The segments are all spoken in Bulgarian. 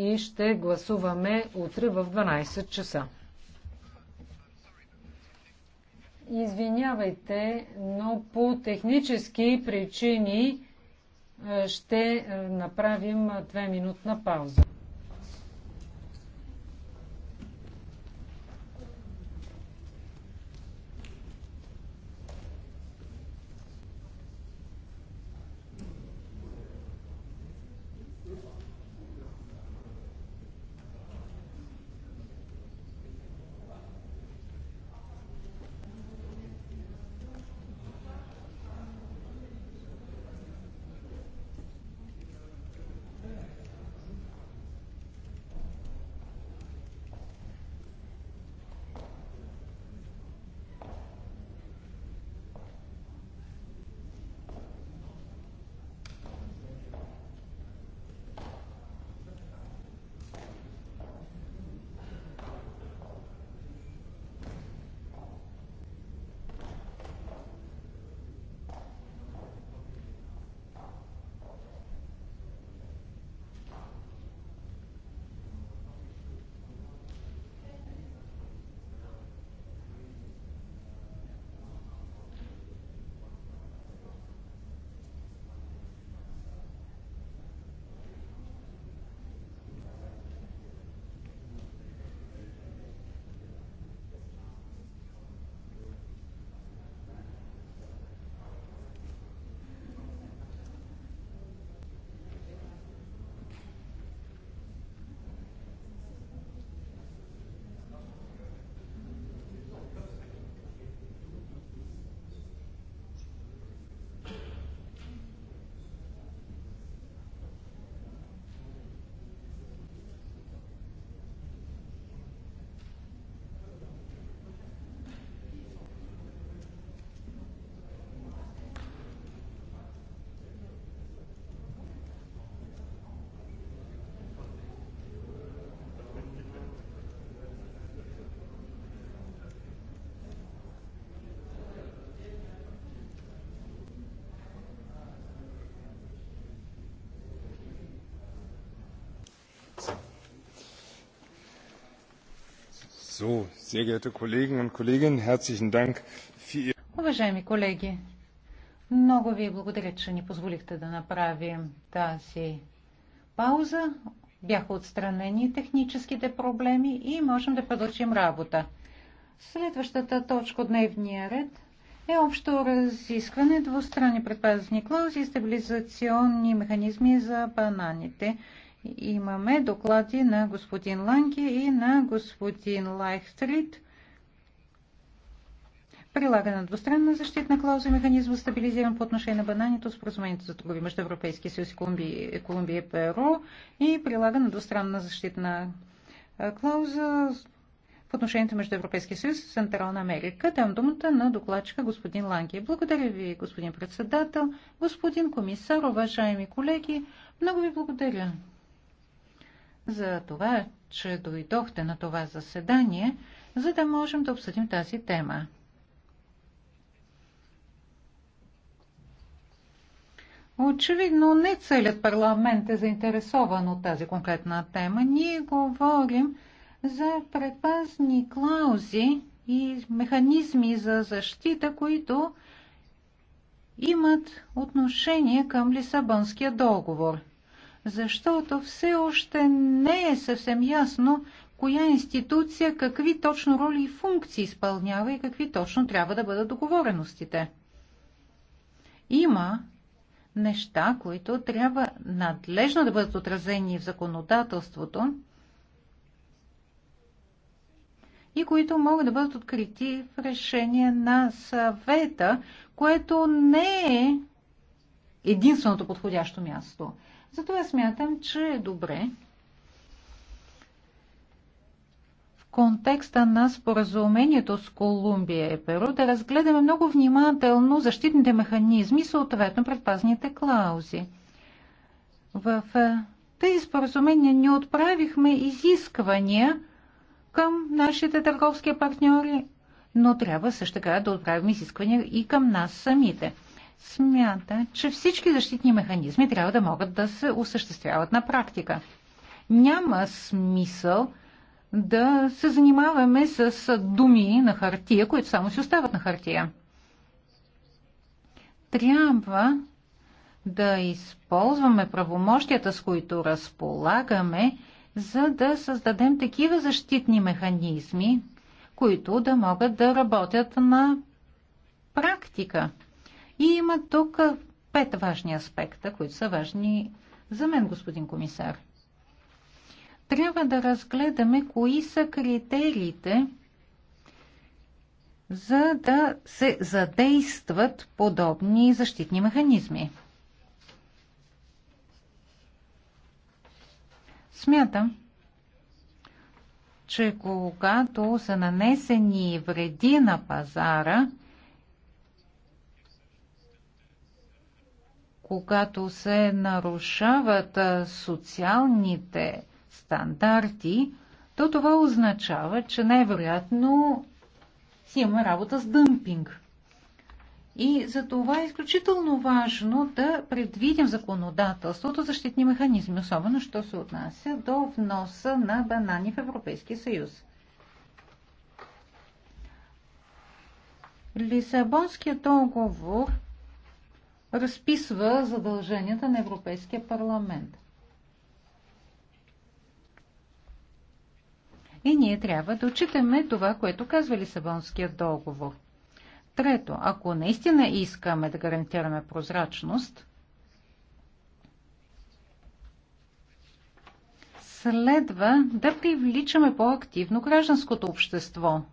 и ще гласуваме утре в 12 часа. Извинявайте, но по технически причини ще направим 2-минутна пауза. Уважаеми колеги, много ви благодаря, че ни позволихте да направим тази пауза. Бяха отстранени техническите проблеми и можем да продължим работа. Следващата точка от дневния ред е общо разискване двустранни предпазни клаузи и стабилизационни механизми за бананите. Имаме доклади на господин Ланге и на господин Лайхтрид. прилага на двустранна защитна клауза и механизма стабилизиран по отношение на бананието споразумението за търговия между Европейския съюз и Колумбия, Колумбия и ПРО и прилага на двустранна защитна клауза в отношението между Европейския съюз и Централна Америка. Дам думата на докладчика господин Ланги. Благодаря ви, господин председател, господин комисар, уважаеми колеги. Много ви благодаря за това, че дойдохте на това заседание, за да можем да обсъдим тази тема. Очевидно не целият парламент е заинтересован от тази конкретна тема. Ние говорим за предпазни клаузи и механизми за защита, които имат отношение към Лисабонския договор – защото все още не е съвсем ясно коя институция какви точно роли и функции изпълнява и какви точно трябва да бъдат договореностите. Има неща, които трябва надлежно да бъдат отразени в законодателството и които могат да бъдат открити в решение на съвета, което не е единственото подходящо място. Затова смятам, че е добре в контекста на споразумението с Колумбия и Перу да разгледаме много внимателно защитните механизми, съответно предпазните клаузи. В тези споразумения ни отправихме изисквания към нашите търговски партньори, но трябва също така да отправим изисквания и към нас самите – смята, че всички защитни механизми трябва да могат да се осъществяват на практика. Няма смисъл да се занимаваме с думи на хартия, които само си остават на хартия. Трябва да използваме правомощията, с които разполагаме, за да създадем такива защитни механизми, които да могат да работят на практика. И има тук пет важни аспекта, които са важни за мен, господин комисар. Трябва да разгледаме кои са критериите, за да се задействат подобни защитни механизми. Смятам, че когато са нанесени вреди на пазара, когато се нарушават социалните стандарти, то това означава, че най-вероятно си имаме работа с дъмпинг. И за това е изключително важно да предвидим законодателството защитни механизми, особено що се отнася до вноса на банани в Европейския съюз. Лисабонският договор – разписва задълженията на Европейския парламент. И ние трябва да отчитаме това, което казва Лисабонският договор. Трето, ако наистина искаме да гарантираме прозрачност, следва да привличаме по-активно гражданското общество –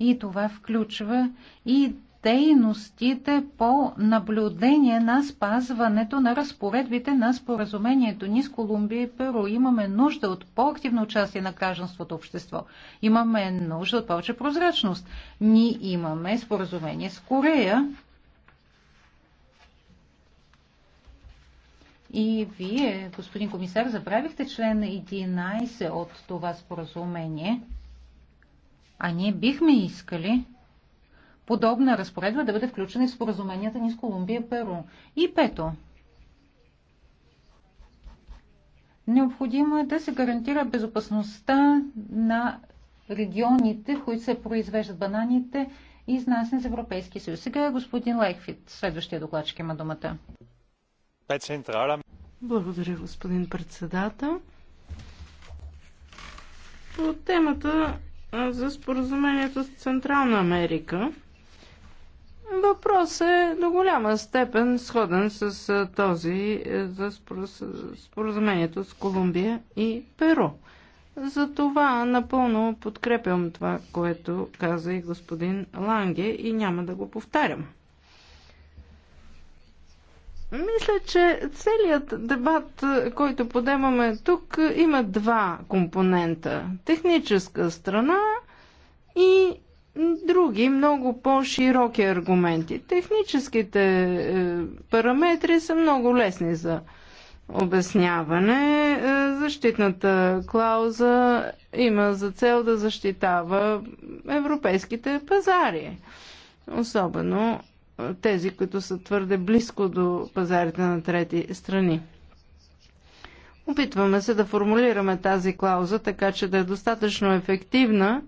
И това включва и дейностите по наблюдение на спазването на разпоредбите на споразумението ни с Колумбия и Перу. Имаме нужда от по-активно участие на гражданството общество. Имаме нужда от повече прозрачност. Ние имаме споразумение с Корея. И вие, господин комисар, забравихте член 11 от това споразумение – а ние бихме искали подобна разпоредба да бъде включена в споразуменията ни с Колумбия и Перу. И пето. Необходимо е да се гарантира безопасността на регионите, в които се произвеждат бананите и изнасяне за Европейския съюз. Сега е господин Лайхфит. Следващия докладчик има думата. Благодаря, господин председател. По темата за споразумението с Централна Америка. Въпрос е до голяма степен сходен с този е, за споразумението с Колумбия и Перу. Затова напълно подкрепям това, което каза и господин Ланге и няма да го повтарям. Мисля, че целият дебат, който подемаме тук, има два компонента. Техническа страна и други, много по-широки аргументи. Техническите е, параметри са много лесни за обясняване. Е, защитната клауза има за цел да защитава европейските пазари. Особено тези, които са твърде близко до пазарите на трети страни. Опитваме се да формулираме тази клауза, така че да е достатъчно ефективна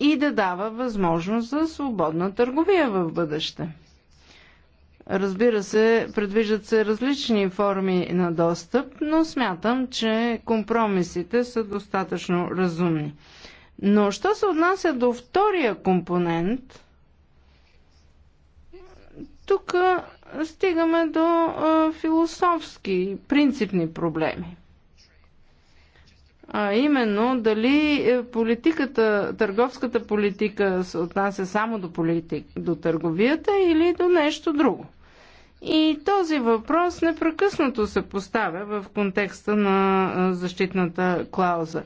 и да дава възможност за свободна търговия в бъдеще. Разбира се, предвиждат се различни форми на достъп, но смятам, че компромисите са достатъчно разумни. Но що се отнася до втория компонент, тук стигаме до а, философски, принципни проблеми. А именно дали е, политиката, търговската политика се отнася само до, политик, до търговията или до нещо друго. И този въпрос непрекъснато се поставя в контекста на защитната клауза.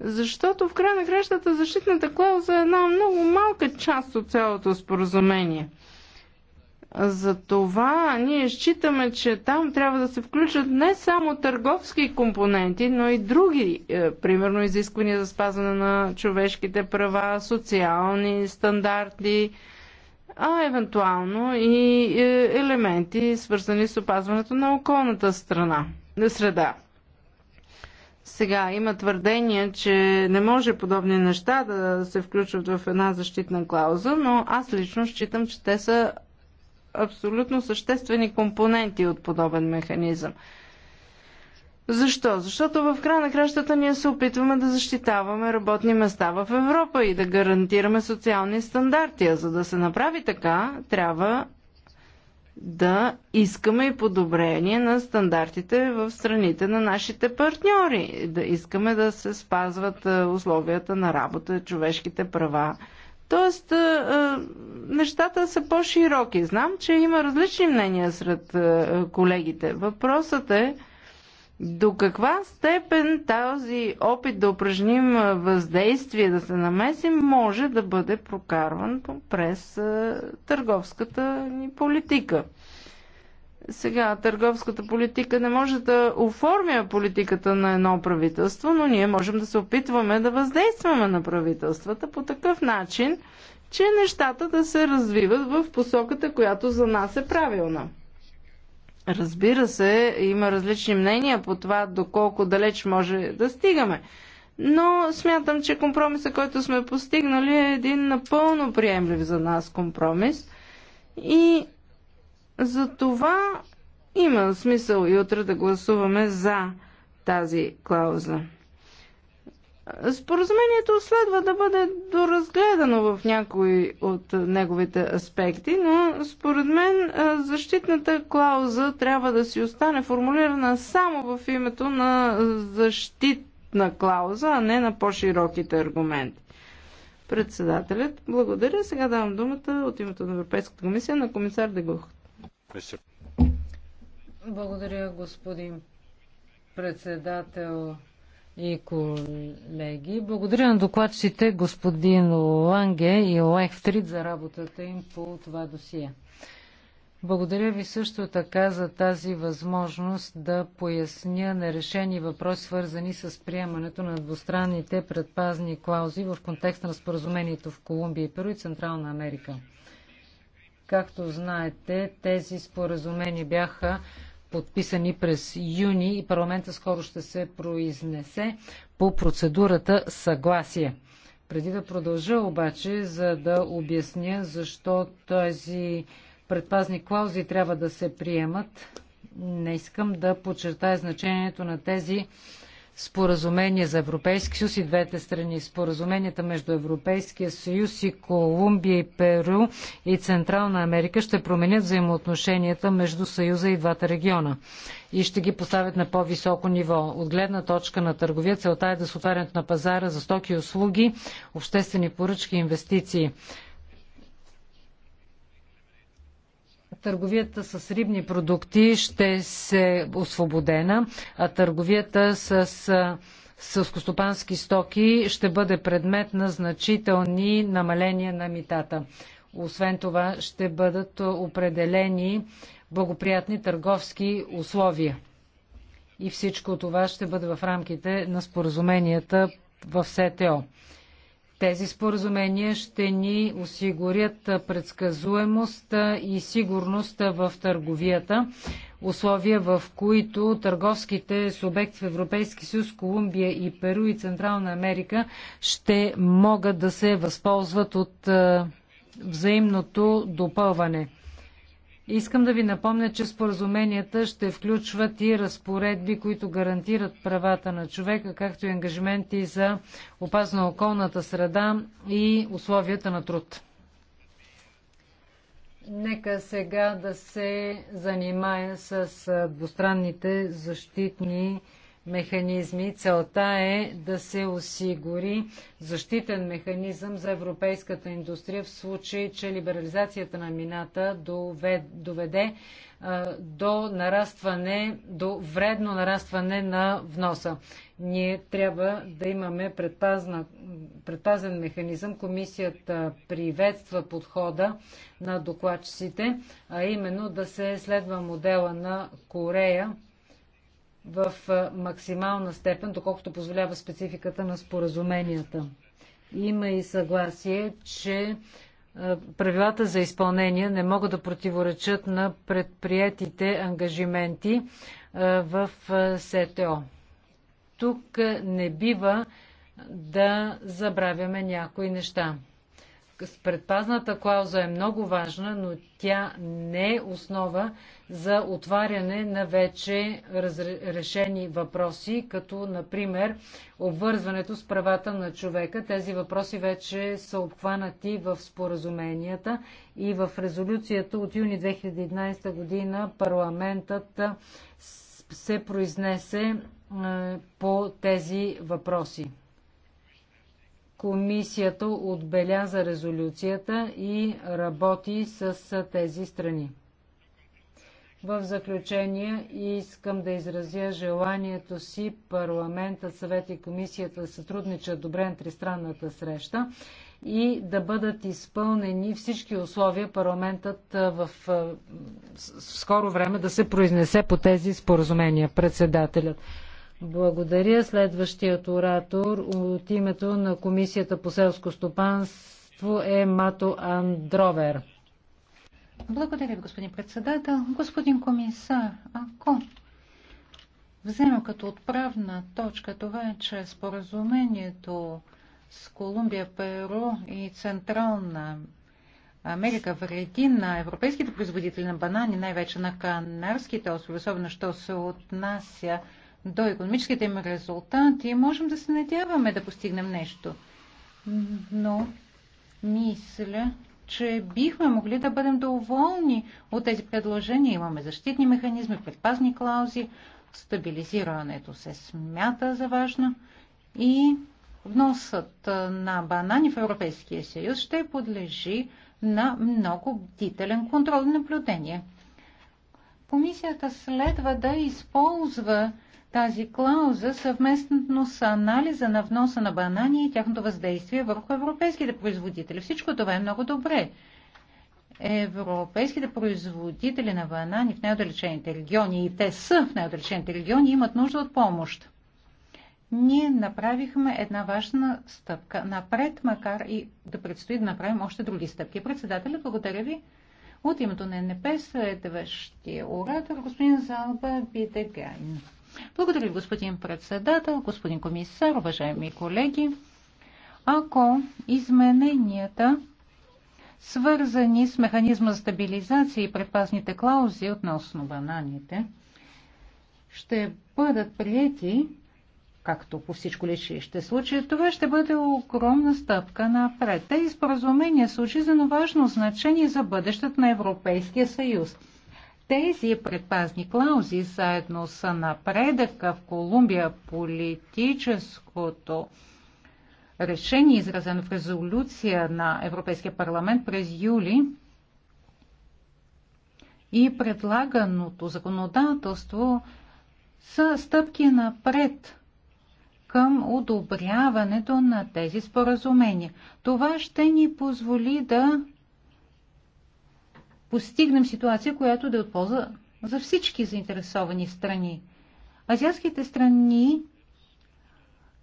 Защото в край на кращата защитната клауза е една много малка част от цялото споразумение. Затова ние считаме, че там трябва да се включат не само търговски компоненти, но и други, е, примерно изисквания за спазване на човешките права, социални стандарти, а евентуално и е, елементи, свързани с опазването на околната страна, среда. Сега има твърдение, че не може подобни неща да се включват в една защитна клауза, но аз лично считам, че те са абсолютно съществени компоненти от подобен механизъм. Защо? Защото в края на кращата ние се опитваме да защитаваме работни места в Европа и да гарантираме социални стандарти. А за да се направи така, трябва да искаме и подобрение на стандартите в страните на нашите партньори, да искаме да се спазват е, условията на работа, човешките права. Тоест, е, е, нещата са по-широки. Знам, че има различни мнения сред колегите. Въпросът е, до каква степен този опит да упражним въздействие, да се намесим, може да бъде прокарван през търговската ни политика? Сега, търговската политика не може да оформя политиката на едно правителство, но ние можем да се опитваме да въздействаме на правителствата по такъв начин, че нещата да се развиват в посоката, която за нас е правилна. Разбира се, има различни мнения по това доколко далеч може да стигаме. Но смятам, че компромиса, който сме постигнали е един напълно приемлив за нас компромис. И за това има смисъл и утре да гласуваме за тази клауза. Споразумението следва да бъде доразгледано в някои от неговите аспекти, но според мен защитната клауза трябва да си остане формулирана само в името на защитна клауза, а не на по-широките аргументи. Председателят, благодаря. Сега давам думата от името на Европейската комисия на комисар Дегух. Благодаря, господин председател и колеги. Благодаря на докладчите господин Ланге и Лехтрид за работата им по това досие. Благодаря ви също така за тази възможност да поясня нерешени въпроси, свързани с приемането на двустранните предпазни клаузи в контекст на споразумението в Колумбия и Перу и Централна Америка. Както знаете, тези споразумени бяха подписани през юни и парламента скоро ще се произнесе по процедурата съгласие. Преди да продължа обаче, за да обясня защо тези предпазни клаузи трябва да се приемат, не искам да подчертая значението на тези споразумение за Европейски съюз и двете страни. Споразуменията между Европейския съюз и Колумбия и Перу и Централна Америка ще променят взаимоотношенията между Съюза и двата региона и ще ги поставят на по-високо ниво. От гледна точка на търговия целта е да се отварят на пазара за стоки и услуги, обществени поръчки и инвестиции. търговията с рибни продукти ще се освободена, а търговията с сълскостопански стоки ще бъде предмет на значителни намаления на митата. Освен това ще бъдат определени благоприятни търговски условия. И всичко това ще бъде в рамките на споразуменията в СТО. Тези споразумения ще ни осигурят предсказуемост и сигурност в търговията, условия в които търговските субекти в Европейски съюз, Колумбия и Перу и Централна Америка ще могат да се възползват от е, взаимното допълване. Искам да ви напомня, че споразуменията ще включват и разпоредби, които гарантират правата на човека, както и ангажименти за опазна околната среда и условията на труд. Нека сега да се занимая с двустранните защитни механизми. Целта е да се осигури защитен механизъм за европейската индустрия в случай, че либерализацията на мината доведе до нарастване, до вредно нарастване на вноса. Ние трябва да имаме предпазна, предпазен механизъм. Комисията приветства подхода на докладчиците, а именно да се следва модела на Корея, в максимална степен, доколкото позволява спецификата на споразуменията. Има и съгласие, че правилата за изпълнение не могат да противоречат на предприетите ангажименти в СТО. Тук не бива да забравяме някои неща предпазната клауза е много важна, но тя не е основа за отваряне на вече разрешени въпроси, като например обвързването с правата на човека. Тези въпроси вече са обхванати в споразуменията и в резолюцията от юни 2011 година парламентът се произнесе е, по тези въпроси. Комисията отбеляза резолюцията и работи с тези страни. В заключение искам да изразя желанието си парламентът, съвет и комисията да сътрудничат добре на тристранната среща и да бъдат изпълнени всички условия парламентът в, в скоро време да се произнесе по тези споразумения. Председателят. Благодаря. Следващият оратор от името на Комисията по селско стопанство е Мато Андровер. Благодаря ви, господин председател. Господин комисар, ако взема като отправна точка това, е, че споразумението с Колумбия, Перу и Централна Америка вреди на европейските производители на банани, най-вече на Канарските острови, особено що се отнася до економическите им резултати, можем да се надяваме да постигнем нещо. Но мисля, че бихме могли да бъдем доволни от тези предложения. Имаме защитни механизми, предпазни клаузи, стабилизирането се смята за важно и вносът на банани в Европейския съюз ще подлежи на много бдителен контрол и наблюдение. Комисията следва да използва тази клауза съвместно с анализа на вноса на банани и тяхното въздействие върху европейските производители. Всичко това е много добре. Европейските производители на банани в най-отдалечените региони, и те са в най-отдалечените региони, имат нужда от помощ. Ние направихме една важна стъпка напред, макар и да предстои да направим още други стъпки. Председателя, благодаря ви. От името на НП следващия оратор господин Залба Бидегайн. Благодаря, господин председател, господин комисар, уважаеми колеги. Ако измененията, свързани с механизма за стабилизация и предпазните клаузи относно бананите, ще бъдат прияти, както по всичко личи ще случи, това ще бъде огромна стъпка напред. Тези споразумения са от важно значение за бъдещето на Европейския съюз. Тези предпазни клаузи заедно с напредъка в Колумбия политическото решение, изразено в резолюция на Европейския парламент през юли и предлаганото законодателство са стъпки напред към одобряването на тези споразумения. Това ще ни позволи да постигнем ситуация, която да е от полза за всички заинтересовани страни. Азиатските страни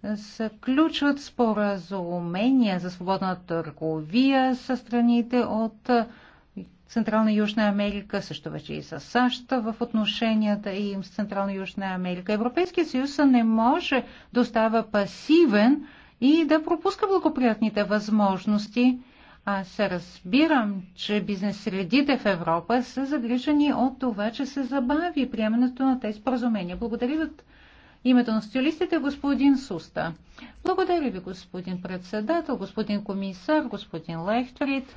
заключват споразумения за свободна търговия с страните от Централна и Южна Америка, също вече и с САЩ в отношенията им с Централна и Южна Америка. Европейския съюз не може да остава пасивен и да пропуска благоприятните възможности, аз разбирам, че бизнес средите в Европа са загрижени от това, че се забави приемането на тези споразумения. Благодаря ви името на стилистите, господин Суста. Благодаря ви, господин председател, господин комисар, господин Лехтрид.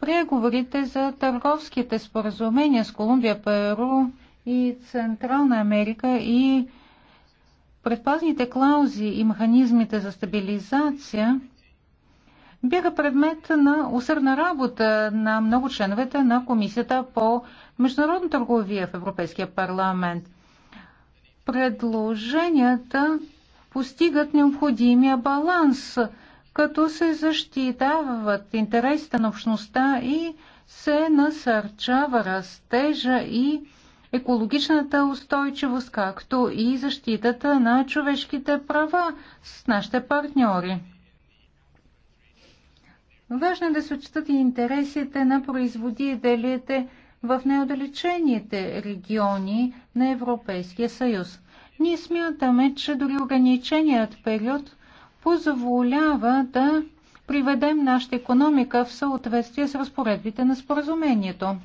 Преговорите за търговските споразумения с Колумбия, Перу и Централна Америка и предпазните клаузи и механизмите за стабилизация – бяха предмет на усърна работа на много членовете на Комисията по международна търговия в Европейския парламент. Предложенията постигат необходимия баланс, като се защитават интересите на общността и се насърчава растежа и екологичната устойчивост, както и защитата на човешките права с нашите партньори. Важно е да се отчитат и интересите на производителите в неодалечените региони на Европейския съюз. Ние смятаме, че дори ограниченият период позволява да приведем нашата економика в съответствие с разпоредбите на споразумението.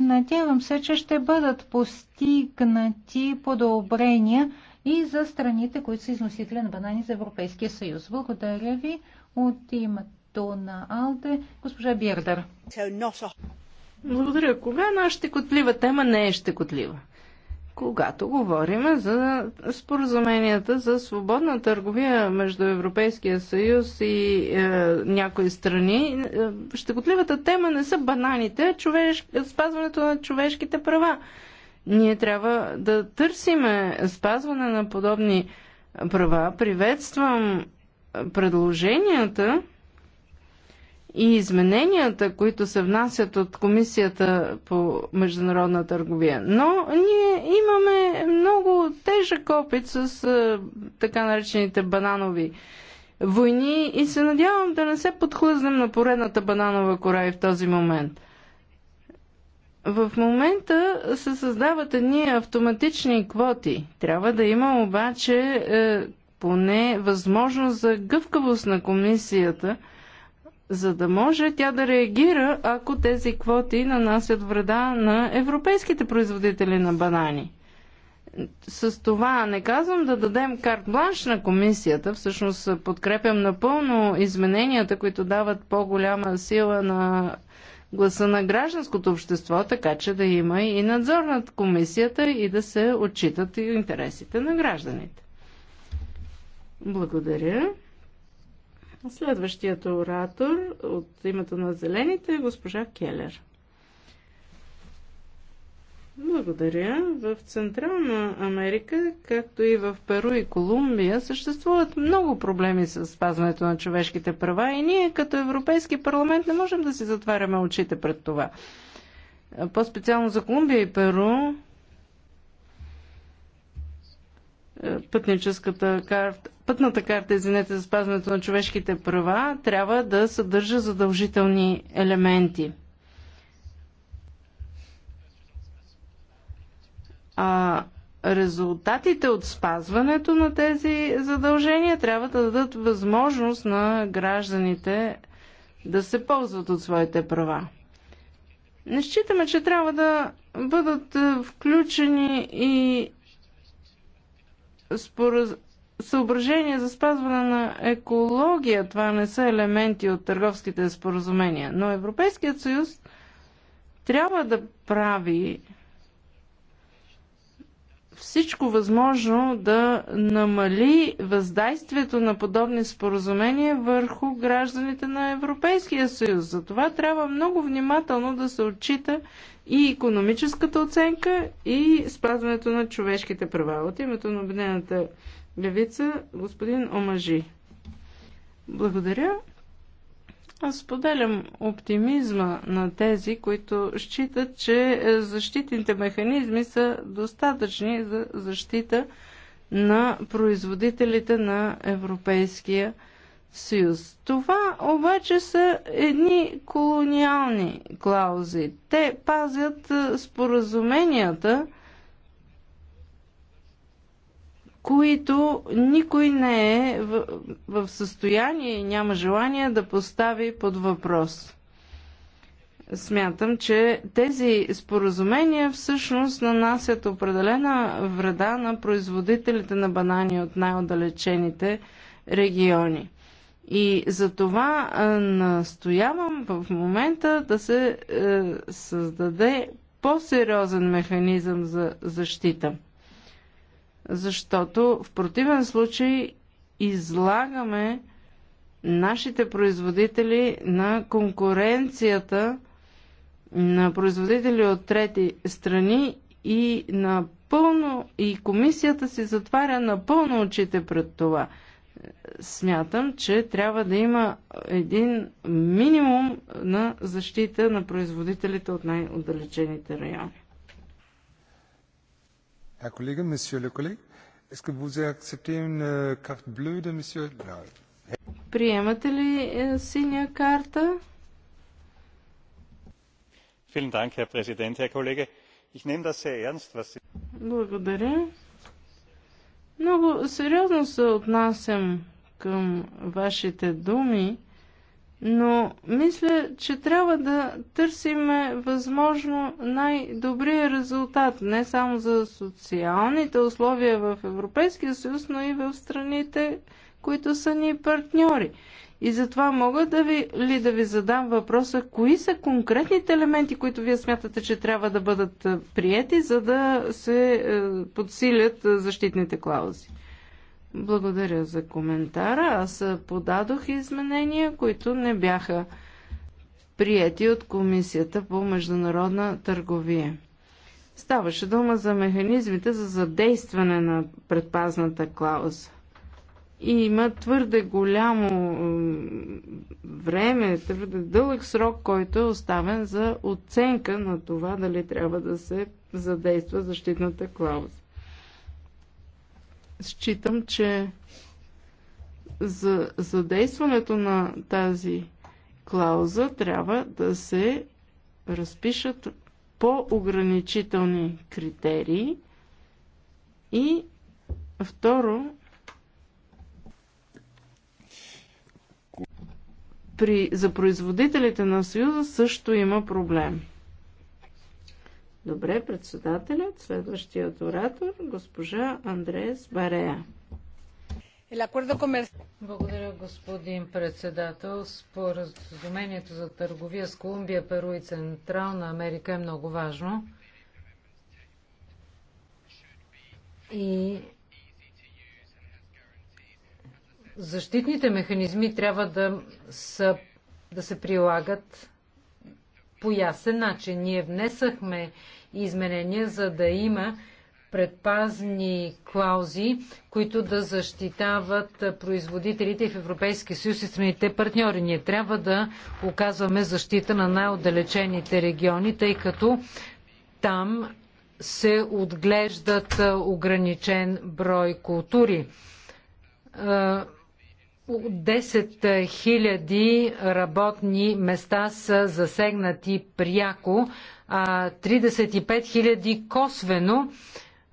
Надявам се, че ще бъдат постигнати подобрения и за страните, които са износители на банани за Европейския съюз. Благодаря ви от имат името на АЛДЕ госпожа Бирдер. Благодаря. Кога нашата щекотлива тема не е щекотлива? Когато говорим за споразуменията за свободна търговия между Европейския съюз и е, някои страни, е, щекотливата тема не са бананите, а човеш... спазването на човешките права. Ние трябва да търсиме спазване на подобни права. Приветствам предложенията и измененията, които се внасят от Комисията по международна търговия. Но ние имаме много тежък опит с е, така наречените бананови войни и се надявам да не се подхлъзнем на поредната бананова кора и в този момент. В момента се създават едни автоматични квоти. Трябва да има обаче е, поне възможност за гъвкавост на комисията – за да може тя да реагира, ако тези квоти нанасят вреда на европейските производители на банани. С това не казвам да дадем карт бланш на комисията, всъщност подкрепям напълно измененията, които дават по-голяма сила на гласа на гражданското общество, така че да има и надзор над комисията и да се отчитат и интересите на гражданите. Благодаря. Следващият оратор от името на Зелените е госпожа Келер. Благодаря. В Централна Америка, както и в Перу и Колумбия, съществуват много проблеми с спазването на човешките права и ние като Европейски парламент не можем да си затваряме очите пред това. По-специално за Колумбия и Перу, е, пътническата карта пътната карта, извинете, за спазването на човешките права, трябва да съдържа задължителни елементи. А резултатите от спазването на тези задължения трябва да дадат възможност на гражданите да се ползват от своите права. Не считаме, че трябва да бъдат е, включени и спораз... Съображение за спазване на екология. Това не са елементи от търговските споразумения. Но Европейският съюз трябва да прави всичко възможно да намали въздействието на подобни споразумения върху гражданите на Европейския съюз. За това трябва много внимателно да се отчита и економическата оценка, и спазването на човешките права. От името на Обединената левица, господин Омажи. Благодаря. Аз споделям оптимизма на тези, които считат, че защитните механизми са достатъчни за защита на производителите на Европейския съюз. Това обаче са едни колониални клаузи. Те пазят споразуменията, които никой не е в, в състояние и няма желание да постави под въпрос. Смятам, че тези споразумения всъщност нанасят определена вреда на производителите на банани от най-отдалечените региони. И за това настоявам в момента да се е, създаде по-сериозен механизъм за защита защото в противен случай излагаме нашите производители на конкуренцията на производители от трети страни и напълно и комисията си затваря напълно очите пред това. Смятам, че трябва да има един минимум на защита на производителите от най-отдалечените райони. Herr Kollege, Monsieur le collègue, est-ce que vous acceptez une carte bleue de Monsieur? Приемате ли синя карта? Vielen Dank, Herr Präsident, Herr Kollege. Ich nehme das sehr ernst, was Sie... Благодаря. Много сериозно се отнасям към вашите думи но мисля, че трябва да търсим възможно най-добрия резултат, не само за социалните условия в Европейския съюз, но и в страните, които са ни партньори. И затова мога да ви, ли да ви задам въпроса, кои са конкретните елементи, които вие смятате, че трябва да бъдат приети, за да се е, подсилят защитните клаузи? Благодаря за коментара. Аз подадох изменения, които не бяха приети от Комисията по международна търговия. Ставаше дума за механизмите за задействане на предпазната клауза. И има твърде голямо време, твърде дълъг срок, който е оставен за оценка на това дали трябва да се задейства защитната клауза считам, че за задействането на тази клауза трябва да се разпишат по-ограничителни критерии и второ при, за производителите на Съюза също има проблем. Добре, председателят, следващият оратор, госпожа Андреас Барея. Благодаря, господин председател. Споразумението за търговия с Колумбия, Перу и Централна Америка е много важно. И защитните механизми трябва да, са, да се прилагат по ясен начин. Ние внесахме изменения, за да има предпазни клаузи, които да защитават производителите в Европейския съюз и страните партньори. Ние трябва да оказваме защита на най-отдалечените региони, тъй като там се отглеждат ограничен брой култури. 10 000 работни места са засегнати пряко, а 35 000 косвено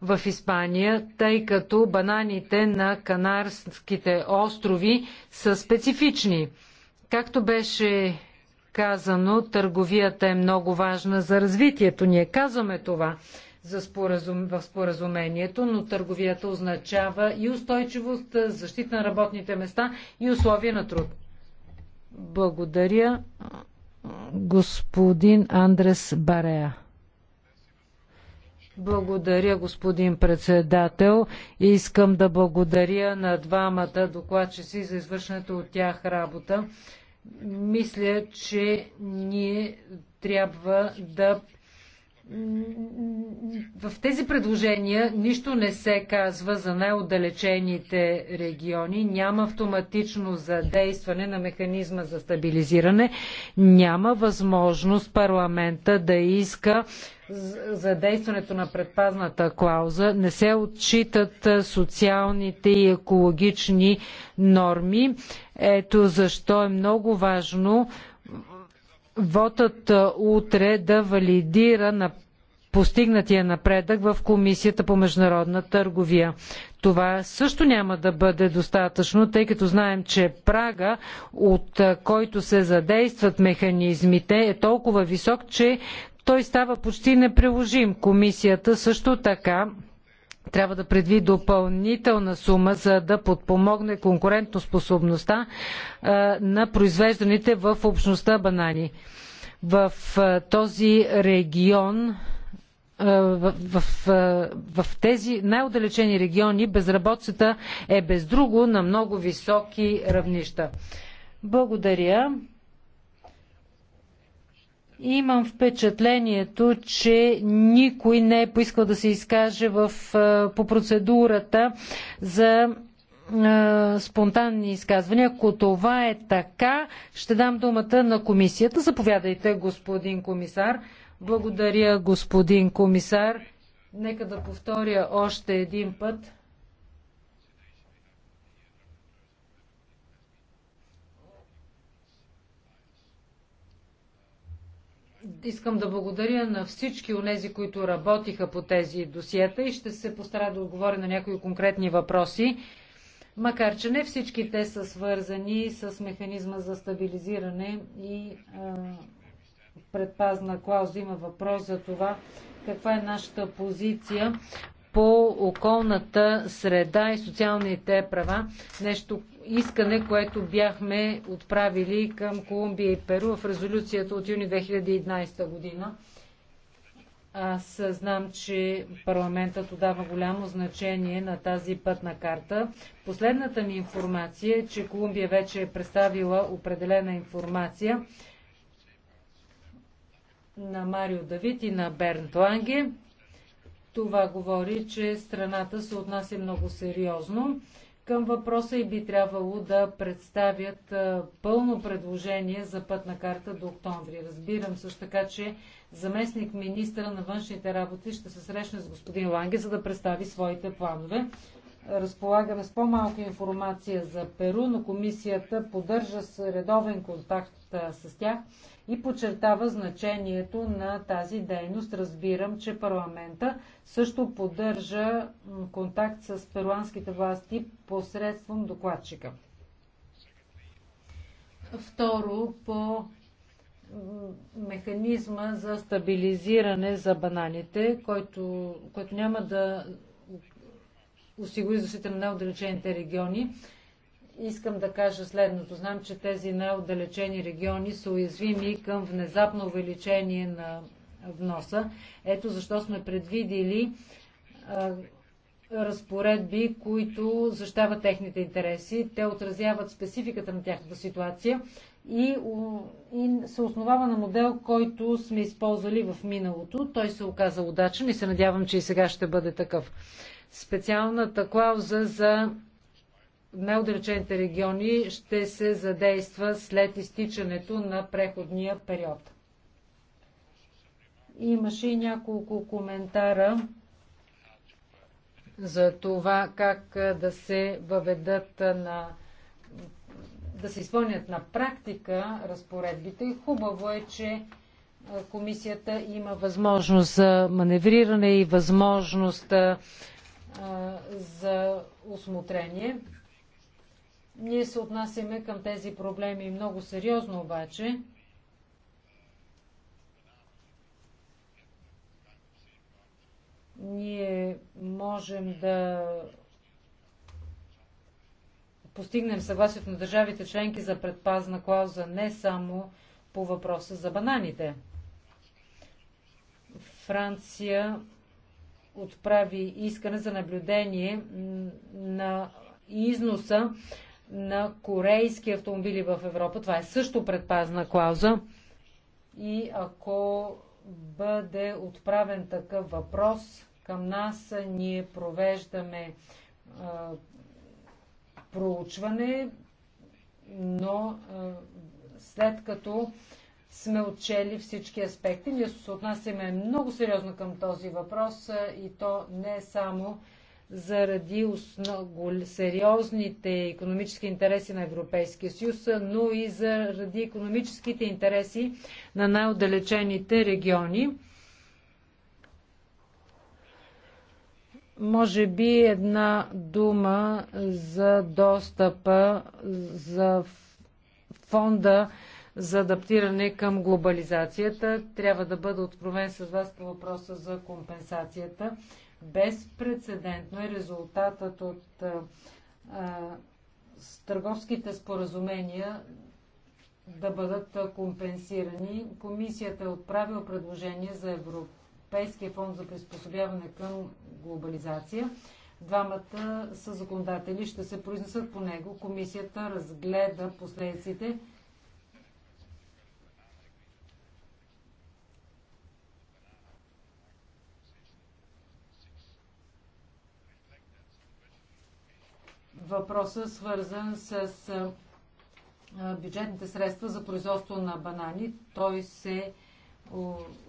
в Испания, тъй като бананите на Канарските острови са специфични. Както беше казано, търговията е много важна за развитието. Ние казваме това, за споразум... в споразумението, но търговията означава и устойчивост, защита на работните места и условия на труд. Благодаря, господин Андрес Барея. Благодаря, господин председател. Искам да благодаря на двамата докладчици за извършената от тях работа. Мисля, че ние трябва да в тези предложения нищо не се казва за най-отдалечените региони, няма автоматично задействане на механизма за стабилизиране, няма възможност парламента да иска задействането на предпазната клауза, не се отчитат социалните и екологични норми. Ето защо е много важно вотът утре да валидира на постигнатия напредък в Комисията по международна търговия. Това също няма да бъде достатъчно, тъй като знаем, че прага, от който се задействат механизмите, е толкова висок, че той става почти неприложим. Комисията също така трябва да предвиди допълнителна сума, за да подпомогне конкурентоспособността е, на произвежданите в общността банани. В е, този регион е, в, в, в, тези най-отдалечени региони безработицата е без друго на много високи равнища. Благодаря. Имам впечатлението, че никой не е поискал да се изкаже в, по процедурата за спонтанни изказвания. Ако това е така, ще дам думата на комисията. Заповядайте, господин комисар. Благодаря, господин комисар. Нека да повторя още един път. искам да благодаря на всички тези, които работиха по тези досиета и ще се постара да отговоря на някои конкретни въпроси, макар че не всички те са свързани с механизма за стабилизиране и а, предпазна клауза. Има въпрос за това каква е нашата позиция по околната среда и социалните права, нещо, искане, което бяхме отправили към Колумбия и Перу в резолюцията от юни 2011 година. Аз знам, че парламентът отдава голямо значение на тази пътна карта. Последната ми информация е, че Колумбия вече е представила определена информация на Марио Давид и на Бернт Ланге. Това говори, че страната се отнася много сериозно към въпроса и би трябвало да представят пълно предложение за пътна карта до октомври. Разбирам също така, че заместник министра на външните работи ще се срещне с господин Ланге, за да представи своите планове. Разполагаме с по малка информация за Перу, но комисията поддържа редовен контакт с тях и подчертава значението на тази дейност. Разбирам, че парламента също поддържа контакт с перуанските власти посредством докладчика. Второ, по механизма за стабилизиране за бананите, който, който няма да осигури защита на неотдалечените региони, искам да кажа следното. Знам, че тези най-отдалечени региони са уязвими към внезапно увеличение на вноса. Ето защо сме предвидили разпоредби, които защават техните интереси. Те отразяват спецификата на тяхната ситуация и, и се основава на модел, който сме използвали в миналото. Той се оказа удачен и се надявам, че и сега ще бъде такъв. Специалната клауза за най-отдалечените региони ще се задейства след изтичането на преходния период. Имаше и няколко коментара за това как да се въведат на да се изпълнят на практика разпоредбите. Хубаво е, че комисията има възможност за маневриране и възможност за осмотрение. Ние се отнасяме към тези проблеми много сериозно обаче. Ние можем да постигнем съгласието на държавите членки за предпазна клауза не само по въпроса за бананите. Франция отправи искане за наблюдение на износа на корейски автомобили в Европа. Това е също предпазна клауза. И ако бъде отправен такъв въпрос към нас, ние провеждаме а, проучване, но а, след като сме отчели всички аспекти. Ние се отнасяме много сериозно към този въпрос и то не е само заради основ... сериозните економически интереси на Европейския съюз, но и заради економическите интереси на най-отдалечените региони. Може би една дума за достъпа за фонда за адаптиране към глобализацията. Трябва да бъда откровен с вас по въпроса за компенсацията. Безпредседентно е резултатът от а, с търговските споразумения да бъдат компенсирани. Комисията е отправила предложение за Европейския фонд за приспособяване към глобализация. Двамата са законодатели ще се произнесат по него. Комисията разгледа последиците въпроса, свързан с бюджетните средства за производство на банани. Той се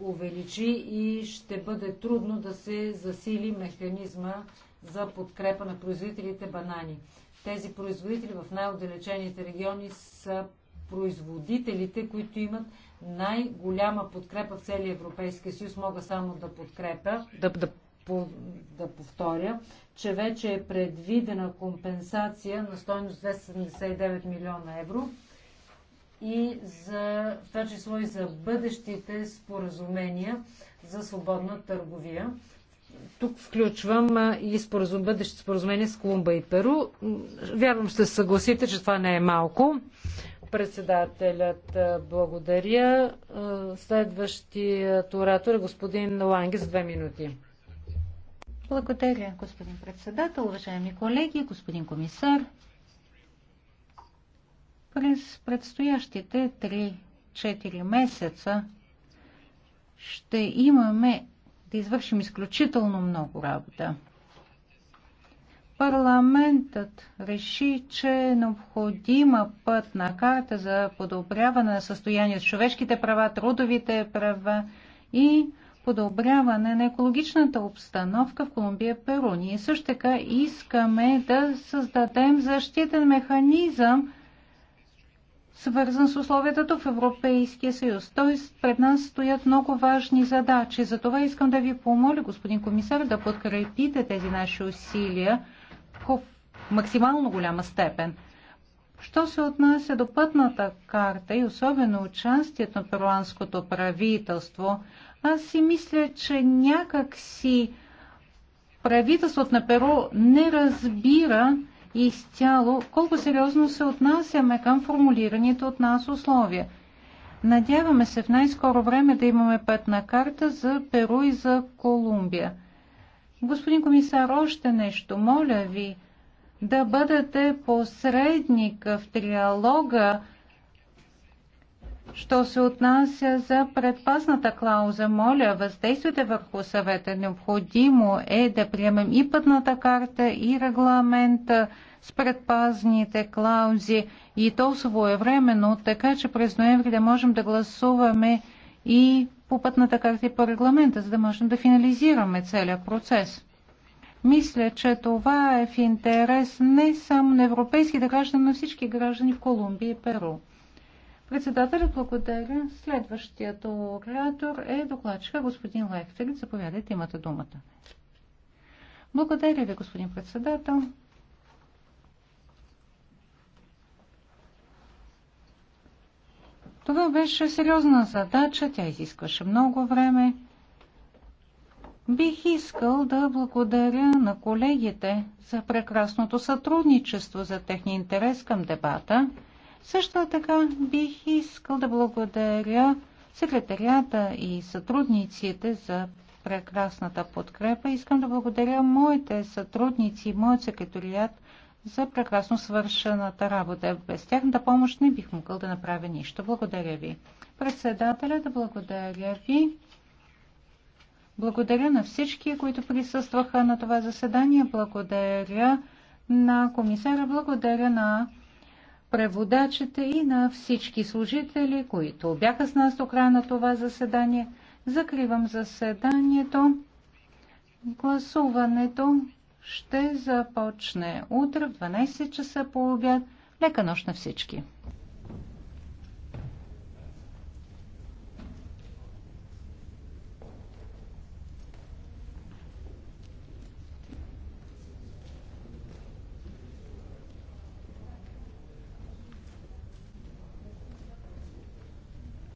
увеличи и ще бъде трудно да се засили механизма за подкрепа на производителите банани. Тези производители в най-отдалечените региони са производителите, които имат най-голяма подкрепа в целия Европейския съюз, мога само да подкрепя, да, да да повторя, че вече е предвидена компенсация на стоеност 279 милиона евро и за в това число и за бъдещите споразумения за свободна търговия. Тук включвам и споразум, бъдещите споразумения с Колумба и Перу. Вярвам, ще се съгласите, че това не е малко. Председателят благодаря. Следващият оратор е господин Ланги за две минути. Благодаря, господин председател, уважаеми колеги, господин комисар. През предстоящите 3-4 месеца ще имаме да извършим изключително много работа. Парламентът реши, че е необходима пътна карта за подобряване на състояние с човешките права, трудовите права и подобряване на екологичната обстановка в Колумбия Перу. Ние също така искаме да създадем защитен механизъм, свързан с условията в Европейския съюз. Т.е. пред нас стоят много важни задачи. Затова искам да ви помоля, господин комисар, да подкрепите тези наши усилия в максимално голяма степен. Що се отнася до пътната карта и особено участието на перуанското правителство, аз си мисля, че някак си правителството на Перо не разбира изцяло колко сериозно се отнасяме към формулираните от нас условия. Надяваме се в най-скоро време да имаме пътна карта за Перу и за Колумбия. Господин комисар, още нещо. Моля ви да бъдете посредник в триалога Що се отнася за предпазната клауза, моля, въздействате върху съвета. Необходимо е да приемем и пътната карта, и регламента с предпазните клаузи, и то своевременно, така че през ноември да можем да гласуваме и по пътната карта и по регламента, за да можем да финализираме целият процес. Мисля, че това е в интерес не само на европейските граждани, но на всички граждани в Колумбия и Перу. Председателят благодаря. Следващият оратор е докладчика господин Лехтерит. Заповядайте, имате думата. Благодаря ви, господин председател. Това беше сериозна задача, тя изискваше много време. Бих искал да благодаря на колегите за прекрасното сътрудничество, за техния интерес към дебата – също така бих искал да благодаря секретарията и сътрудниците за прекрасната подкрепа. Искам да благодаря моите сътрудници и моят секретарият за прекрасно свършената работа. Без тяхната помощ не бих могъл да направя нищо. Благодаря ви. Председателя, да благодаря ви. Благодаря на всички, които присъстваха на това заседание. Благодаря на комисара. Благодаря на преводачите и на всички служители, които бяха с нас до края на това заседание. Закривам заседанието. Гласуването ще започне утре в 12 часа по обяд. Лека нощ на всички!